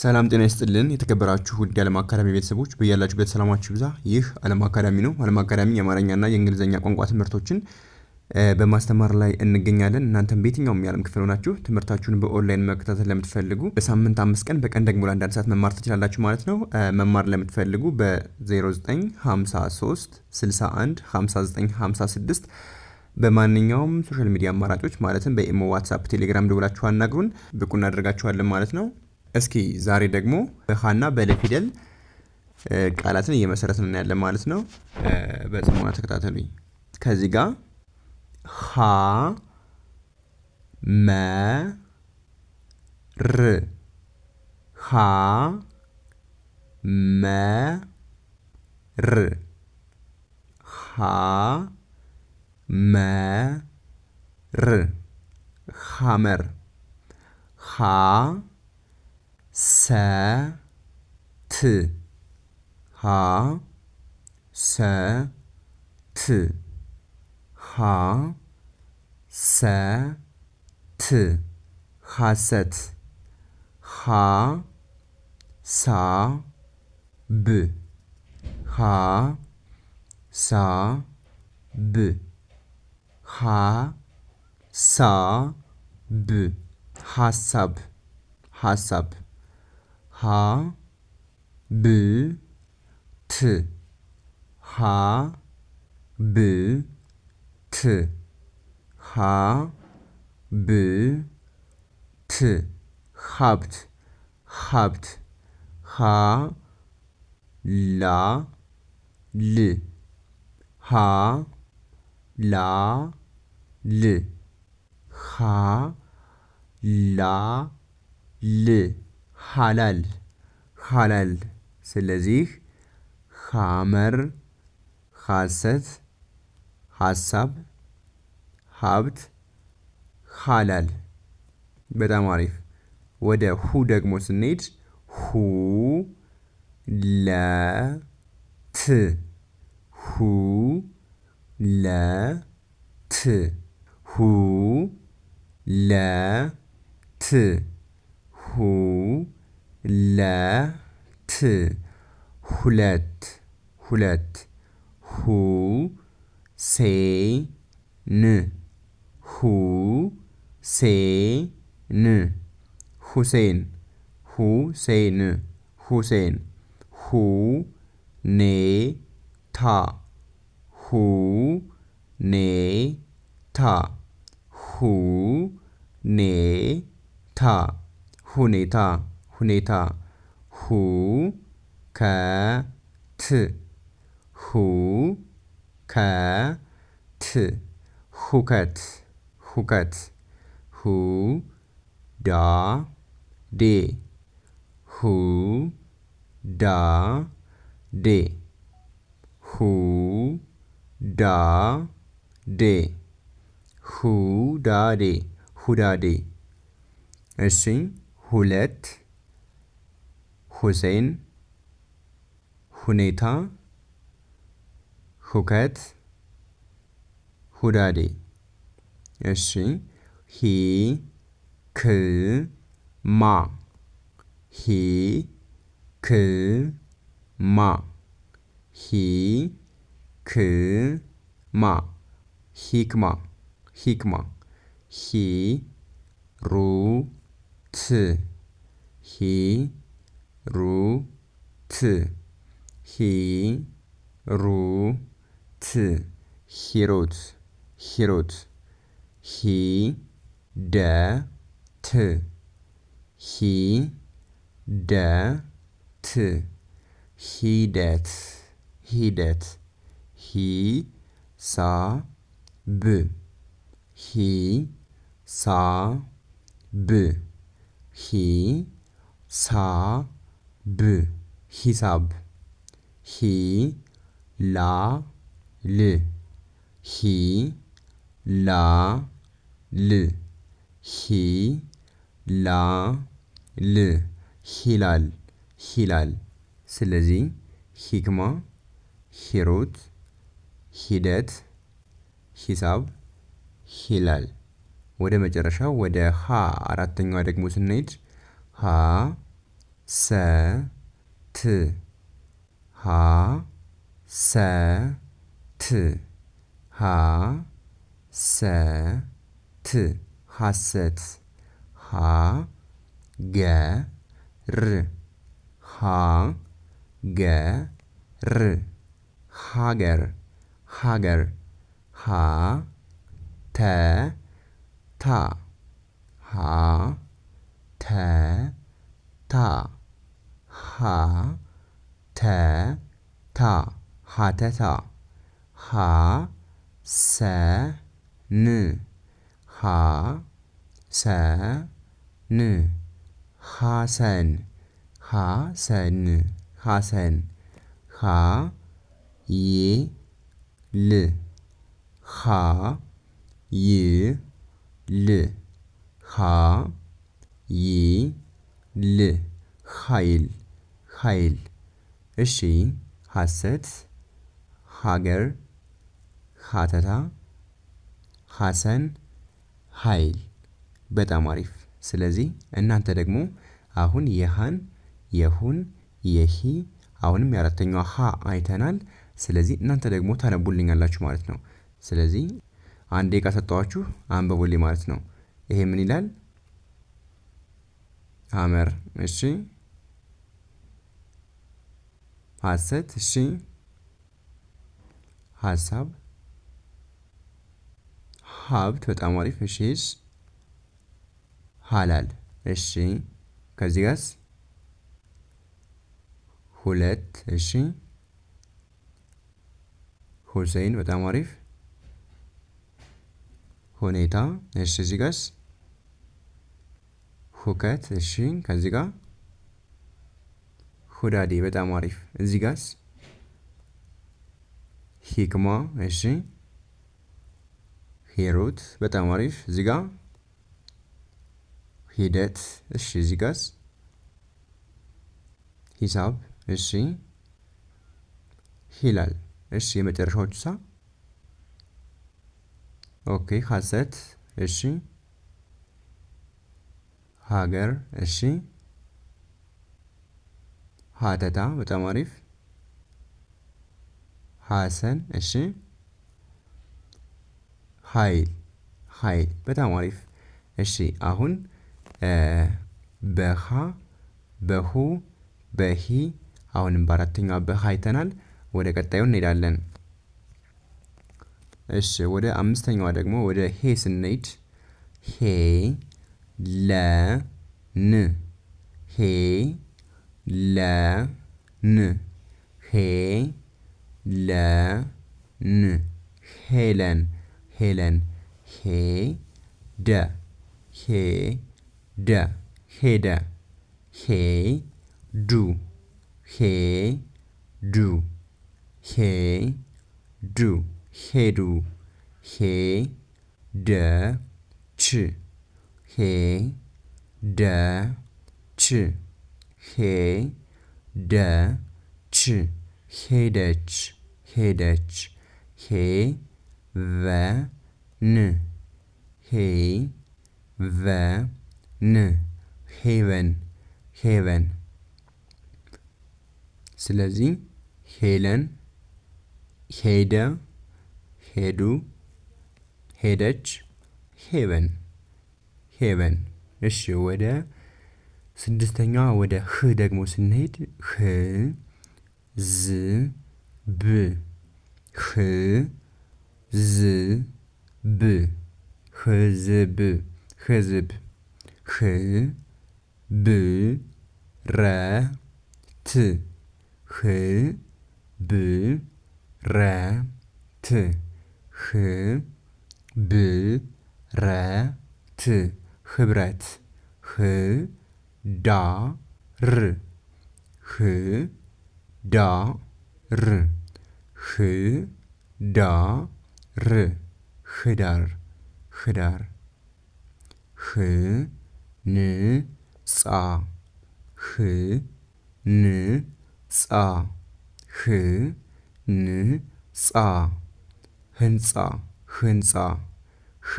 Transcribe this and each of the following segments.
ሰላም ጤና ይስጥልን። የተከበራችሁ ውድ የዓለም አካዳሚ ቤተሰቦች በያላችሁበት ሰላማችሁ ብዛ ይህ ዓለም አካዳሚ ነው። ዓለም አካዳሚ የአማርኛና የእንግሊዝኛ ቋንቋ ትምህርቶችን በማስተማር ላይ እንገኛለን። እናንተም በየትኛውም የዓለም ክፍል ሆናችሁ ትምህርታችሁን በኦንላይን መከታተል ለምትፈልጉ በሳምንት አምስት ቀን በቀን ደግሞ ለአንዳንድ ሰዓት መማር ትችላላችሁ ማለት ነው። መማር ለምትፈልጉ በ0953 61 59 56 በማንኛውም ሶሻል ሚዲያ አማራጮች ማለትም በኢሞ፣ ዋትሳፕ፣ ቴሌግራም ደውላችሁ አናግሩን። ብቁ እናደርጋችኋለን ማለት ነው። እስኪ ዛሬ ደግሞ በሀና በለ ፊደል ቃላትን እየመሰረትን እናያለን ማለት ነው። በጽሞና ተከታተሉኝ። ከዚህ ጋር ሀ መ ር ሀ መ ር ሀ መ ር ሀመር ሀ S T H S T ha S T Haset ha Sa B H Sa B H Sa B Hasab Hasab ሀ ብ ት ሀ ብ ት ሀ ብ ት ሀብት ሀብት ሀ ላ ል ሀ ላ ል ሀ ላ ል ሀላል ሀላል። ስለዚህ ሀመር ሀሰት ሀሳብ ሀብት ሀላል። በጣም አሪፍ። ወደ ሁ ደግሞ ስንሄድ ሁ ለት ሁ ለት ሁ ለት ሁ ለት ሁለት ሁለት ሁ ሴ ን ሁ ሴ ን ሁሴን ሁሴን ሁሴን ሁ ኔ ታ ሁ ኔ ታ ሁ ኔ ታ ሁኔታ ሁኔታ ሁ ከ ት ሁ ከ ት ሁከት ሁከት ሁ ዳ ዴ ሁ ዳ ዴ ሁ ዳ ዴ ሁ ዳ ዴ ሁዳዴ እሺ ሁለት ሁሴን ሁኔታ ሁከት ሁዳዴ እሺ ሂ ክ ማ ሂ ክ ማ ሂ ክ ማ ሂክማ ሂክማ ሂ ሩ ት ሂ ሩት ሂሩት ሂሩት ሂሩት ሂደት ሂደት ሂደት ሂደት ሂሳብ ሂሳብ ሂሳብ ብ ሂሳብ ሂ ላ ል ሂ ላ ል ሂ ላ ል ሂላል ሂላል ስለዚህ ሂክማ ሂሩት ሂደት ሂሳብ ሂላል ወደ መጨረሻው ወደ ሀ አራተኛዋ ደግሞ ስንሄድ ሀ ሰ ት ሀ ሰ ት ሀ ሰ ት ሀሰት ሀ ገ ር ሃ ገ ር ሃገር ሃገር ሃ ተ ታ ሃ ተ ታ ሀ ተ ታ ሀተታ ሀ ሰ ን ሀ ሰ ን ሀሰን ሀሰን ሀሰን ሀ ይ ል ሀ ይ ል ሀ ይ ል ሀይል ኃይል እሺ ሀሰት ሀገር ሀተታ ሀሰን ኃይል በጣም አሪፍ ስለዚህ እናንተ ደግሞ አሁን የሃን የሁን የሂ አሁንም የአራተኛው ሀ አይተናል ስለዚህ እናንተ ደግሞ ታነቡልኛላችሁ ማለት ነው ስለዚህ አንድ ደቂቃ ሰጠኋችሁ አንብቡልኝ ማለት ነው ይሄ ምን ይላል ሀመር እሺ ሀሰት እሺ ሀሳብ ሀብት በጣም አሪፍ እሺ ሀላል እሺ ከዚህ ጋስ ሁለት እሺ ሁሴን በጣም አሪፍ ሁኔታ እሺ እዚህ ጋስ ሁከት እሺ ከዚህ ጋር ሁዳዴ በጣም አሪፍ። እዚህ ጋስ ሂክማ እሺ፣ ሂሩት በጣም አሪፍ። እዚህ ጋ ሂደት እሺ። እዚህ ጋስ ሂሳብ እሺ፣ ሂላል እሺ። የመጨረሻዎቹ ሳ ኦኬ፣ ሀሰት እሺ፣ ሀገር እሺ ሀተታ በጣም አሪፍ። ሀሰን እሺ። ሀይል ሀይል በጣም አሪፍ። እሺ አሁን በሀ በሁ በሂ አሁንም በአራተኛዋ በሀ አይተናል። ወደ ቀጣዩ እንሄዳለን። እሺ ወደ አምስተኛዋ ደግሞ ወደ ሄ ስንሄድ ሄ ለ ን ሄ ለን ሄ ለን ሄለን ሄለን ሄ ደ ሄ ደ ሄደ ሄ ዱ ሄ ዱ ሄ ዱ ሄዱ ሄ ደ ች ሄ ደ ች ሄደች ች ሄደች ሄደች ሄቨን ሄቨን ሄቨን ሄቨን ስለዚህ ሄለን ሄደ ሄዱ ሄደች ሄቨን ሄቨን። እሺ ወደ ስድስተኛዋ ወደ ህ ደግሞ ስንሄድ ህ ዝ ብ ህ ዝ ብ ህዝብ ህዝብ ህ ብ ረ ት ህ ብ ረ ት ህ ብ ረ ት ህብረት ህ ዳ ር ህ ዳ ር ህ ዳ ር ህዳር ህዳር ህ ን ጻ ህ ን ጻ ህ ን ጻ ህንፃ ህንፃ ህ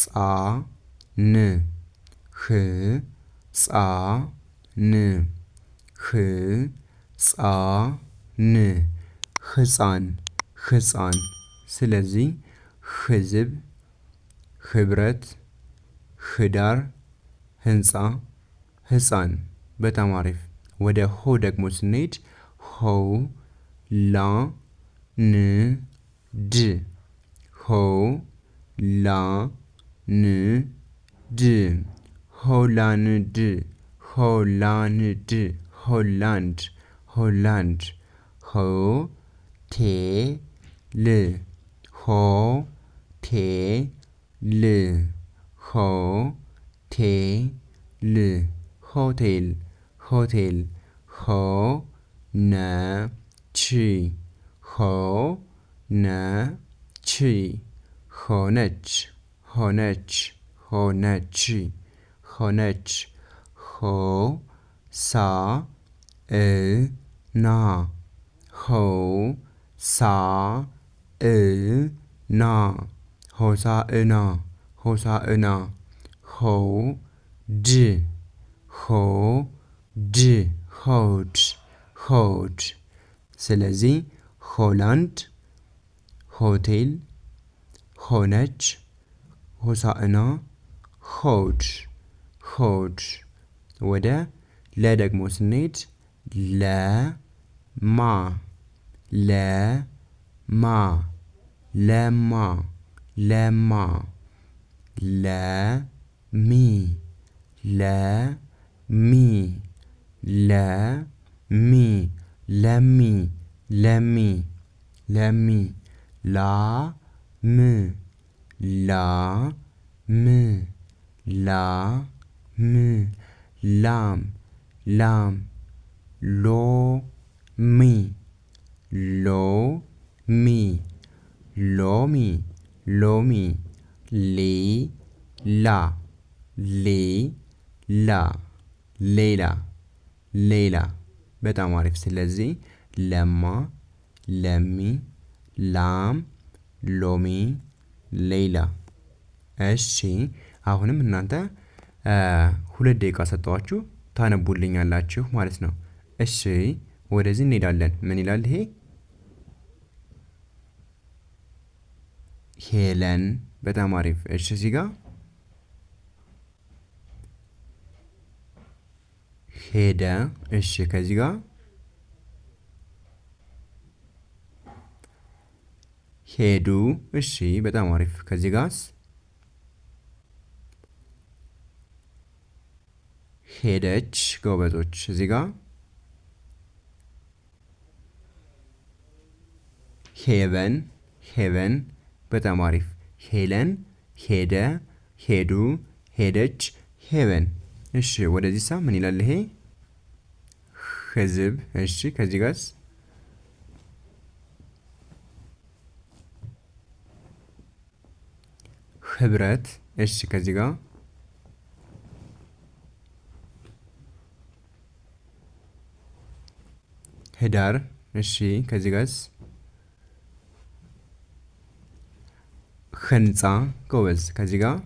ጻ ን ህ ጻ ን ህ ጻ ን ህፃን ህፃን ስለዚህ ህዝብ ህብረት ህዳር ህንፃ ህፃን በጣም አሪፍ። ወደ ሆ ደግሞ ስንሄድ ሆው ላ ን ድ ሆው ላ ን ድ Holland, Holland, Holland, Holland, Hotel, Hotel, Hotel, Hotel, Hotel, Hotel, Hotel, Hotel, Hotel, Hotel, Ho Na Chi. ሆነች። ሆ ሳ እ ና ሆው ሳ እ ና ሆሳ እና ሆሳ እና ሆ ድ ሆ ድ ሆድ ሆድ ስለዚህ ሆላንድ ሆቴል ሆነች ሆሳእና ሆድ ኮድ ወደ ለ ደግሞ ስንሄድ ለማ ለማ ለማ ለማ ለሚ ለሚ ለሚ ለሚ ለሚ ም ላ ም ላም ም ላም ላም ሎሚ ሎሚ ሎሚ ሎሚ ሌ ላ ሌ ላ ሌላ ሌላ በጣም አሪፍ። ስለዚህ ለማ ለሚ ላም ሎሚ ሌላ። እሺ አሁንም እናንተ ሁለት ደቂቃ ሰጠኋችሁ ታነቡልኛላችሁ ማለት ነው። እሺ ወደዚህ እንሄዳለን። ምን ይላል ይሄ? ሄለን በጣም አሪፍ። እሺ እዚህ ጋር ሄደ። እሺ ከዚህ ጋር ሄዱ። እሺ በጣም አሪፍ። ከዚህ ጋርስ ሄደች። ጎበዞች እዚህ ጋር ሄቨን ሄቨን፣ በጣም አሪፍ። ሄለን ሄደ፣ ሄዱ፣ ሄደች፣ ሄቨን። እሺ ወደዚህ ሳ ምን ይላል ይሄ? ህዝብ። እሺ ከዚህ ጋስ ህብረት። እሺ ከዚህ ጋር ህዳር እሺ ከዚህ ጋርስ ህንፃ ጎበዝ ከዚህ ጋር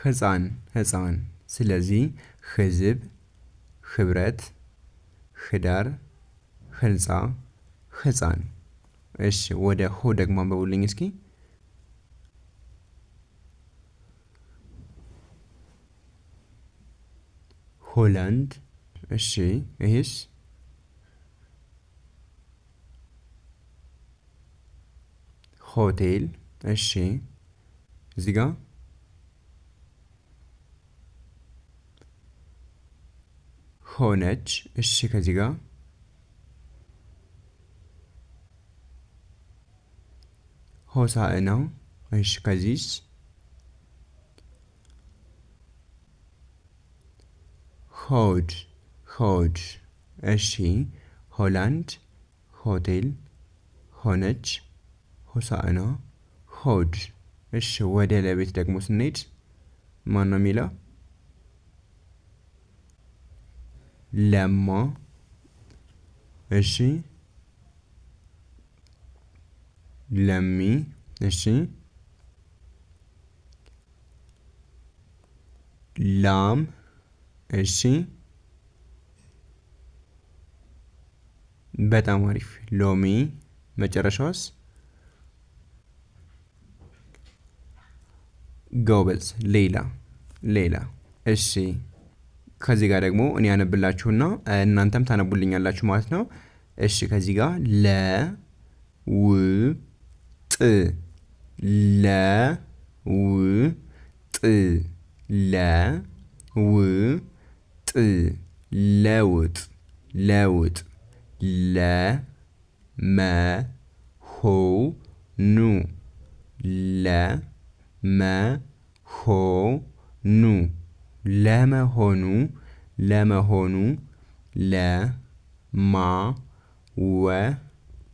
ህፃን ህፃን ስለዚህ ህዝብ ህብረት ህዳር ህንፃ ህፃን እሺ ወደ ሆ ደግሞ አንበቡልኝ እስኪ ሆላንድ الشيء ايش هوتيل الشيء زيغا هونج الشيء كزيغا هوسا انا ايش كزيش هوج ሆድ እሺ ሆላንድ ሆቴል ሆነች ሆሳዕና ሆድ እሺ ወደ ለቤት ደግሞ ስንሄድ ማነው የሚለው ለማ እሺ ለሚ እሺ ላም እሺ በጣም አሪፍ ሎሚ። መጨረሻውስ ጎበዝ። ሌላ ሌላ። እሺ ከዚህ ጋር ደግሞ እኔ ያነብላችሁና እናንተም ታነቡልኛላችሁ ማለት ነው። እሺ ከዚህ ጋር ለ ው ጥ ለ ው ጥ ለ ው ጥ ለውጥ ለውጥ le me ho nu le me ho nu Lè, me ho nu le ma ma we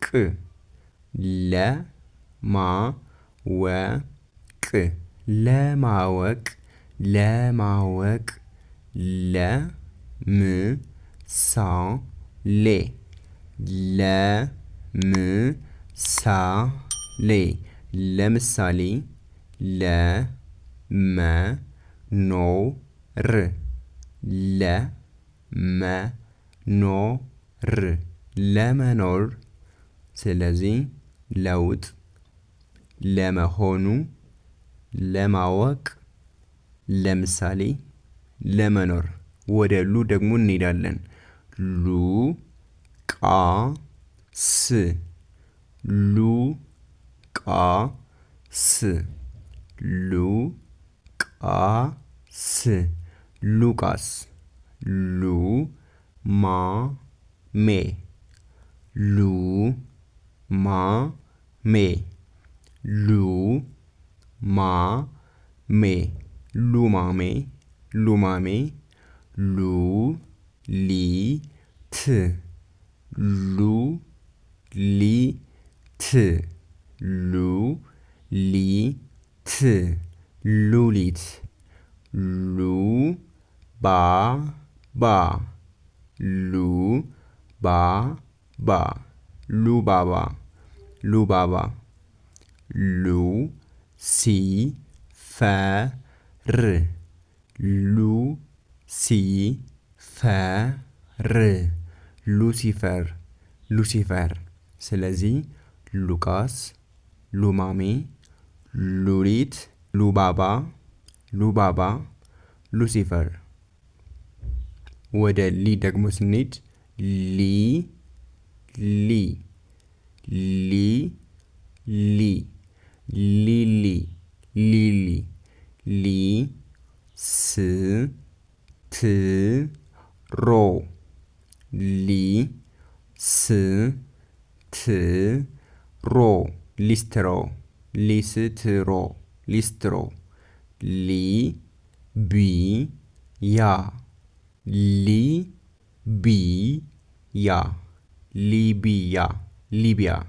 k le ma we que. le ma we k Lè, ma we le me sa lè. ለምሳሌ ለምሳሌ ለመኖር ለመኖር ለመኖር ስለዚህ ለውጥ ለመሆኑ ለማወቅ ለምሳሌ ለመኖር ወደ ሉ ደግሞ እንሄዳለን ሉ ቃ ስ ሉ ቃ ስ ሉ ቃ ስ ሉቃስ ሉ ማ ሜ ሉ ማ ሜ ሉ ማ ሜ ሉማሜ ሉማሜ ሉ ሊ ት ሉ ሉ ሊ ሊ ት ት ሉሊት ባባ ሉ ባ ሉሊት ሉሊት ሉባባ ሉባባ ሉባባ ሉባባ ሉሲፈር ሉሲፈር ሉሲፈር ሉሲፈር ስለዚህ ሉቃስ፣ ሉማሜ፣ ሉሊት፣ ሉባባ፣ ሉባባ፣ ሉሲፈር። ወደ ሊ ደግሞ ስንሄድ ሊ ሊ ሊ ሊ ሊሊ ሊሊ ሊ ስ ት ሮ 리스트로 리스트로 리스트로 리스트로 리비야 리비야 리비야 리비아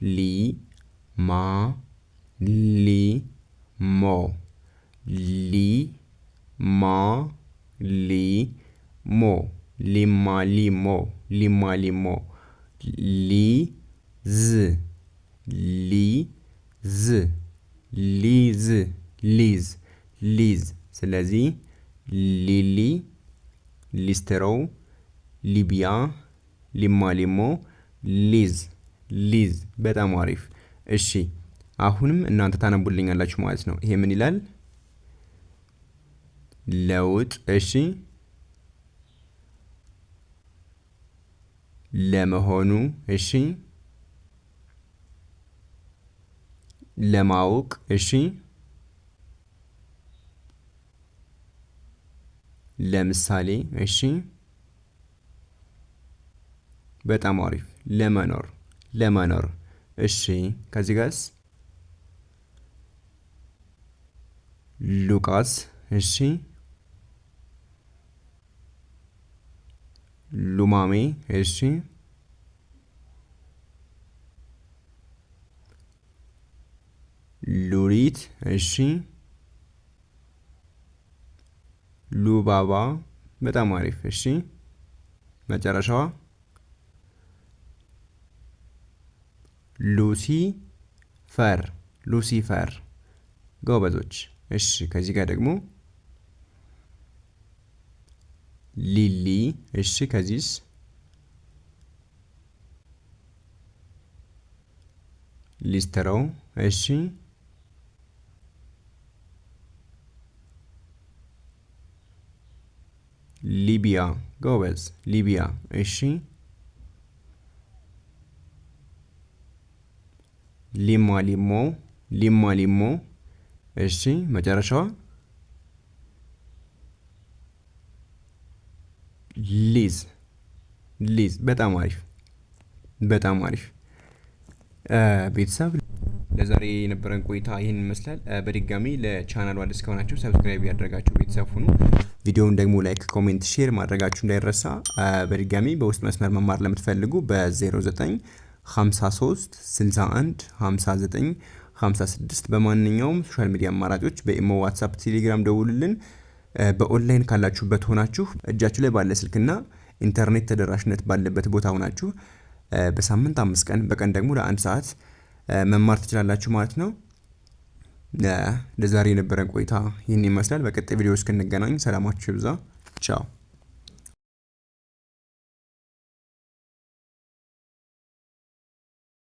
리마 리모 리마 리모 ሊማ ሊሞ ሊማ ሊሞ ሊ ዝ ሊ ዝ ሊዝ ሊዝ ሊዝ ስለዚህ ሊሊ ሊስትሮው ሊቢያ ሊማ ሊሞ ሊዝ ሊዝ በጣም አሪፍ እሺ አሁንም እናንተ ታነቡልኛላችሁ ማለት ነው ይሄ ምን ይላል ለውጥ እሺ ለመሆኑ እሺ ለማወቅ እሺ ለምሳሌ እሺ በጣም አሪፍ ለመኖር ለመኖር እሺ ከዚህ ጋርስ ሉቃስ እሺ ሉማሜ እሺ ሉሊት እሺ ሉባባ በጣም አሪፍ እሺ መጨረሻዋ ሉሲ ፈር ሉሲፈር ጎበዞች እሺ ከዚህ ጋር ደግሞ ሊሊ እሺ ከዚስ ሊስትሮው እሺ ሊቢያ ጎበዝ ሊቢያ እሺ ሊማ ሊሞ ሊማ ሊሞ እሺ መጨረሻዋ ሊዝ ሊዝ። በጣም አሪፍ በጣም አሪፍ ቤተሰብ ለዛሬ የነበረን ቆይታ ይህን ይመስላል። በድጋሚ ለቻናሉ አዲስ ከሆናችሁ ሰብስክራይብ ያደረጋችሁ ቤተሰብ ሁኑ። ቪዲዮውን ደግሞ ላይክ፣ ኮሜንት፣ ሼር ማድረጋችሁ እንዳይረሳ። በድጋሚ በውስጥ መስመር መማር ለምትፈልጉ በ09 61 59 56 በማንኛውም ሶሻል ሚዲያ አማራጮች በኢሞ፣ ዋትሳፕ፣ ቴሌግራም ደውሉልን። በኦንላይን ካላችሁበት ሆናችሁ እጃችሁ ላይ ባለ ስልክና ኢንተርኔት ተደራሽነት ባለበት ቦታ ሆናችሁ በሳምንት አምስት ቀን በቀን ደግሞ ለአንድ ሰዓት መማር ትችላላችሁ ማለት ነው። ለዛሬ የነበረን ቆይታ ይህን ይመስላል። በቀጣይ ቪዲዮ እስክንገናኝ ሰላማችሁ ይብዛ። ቻው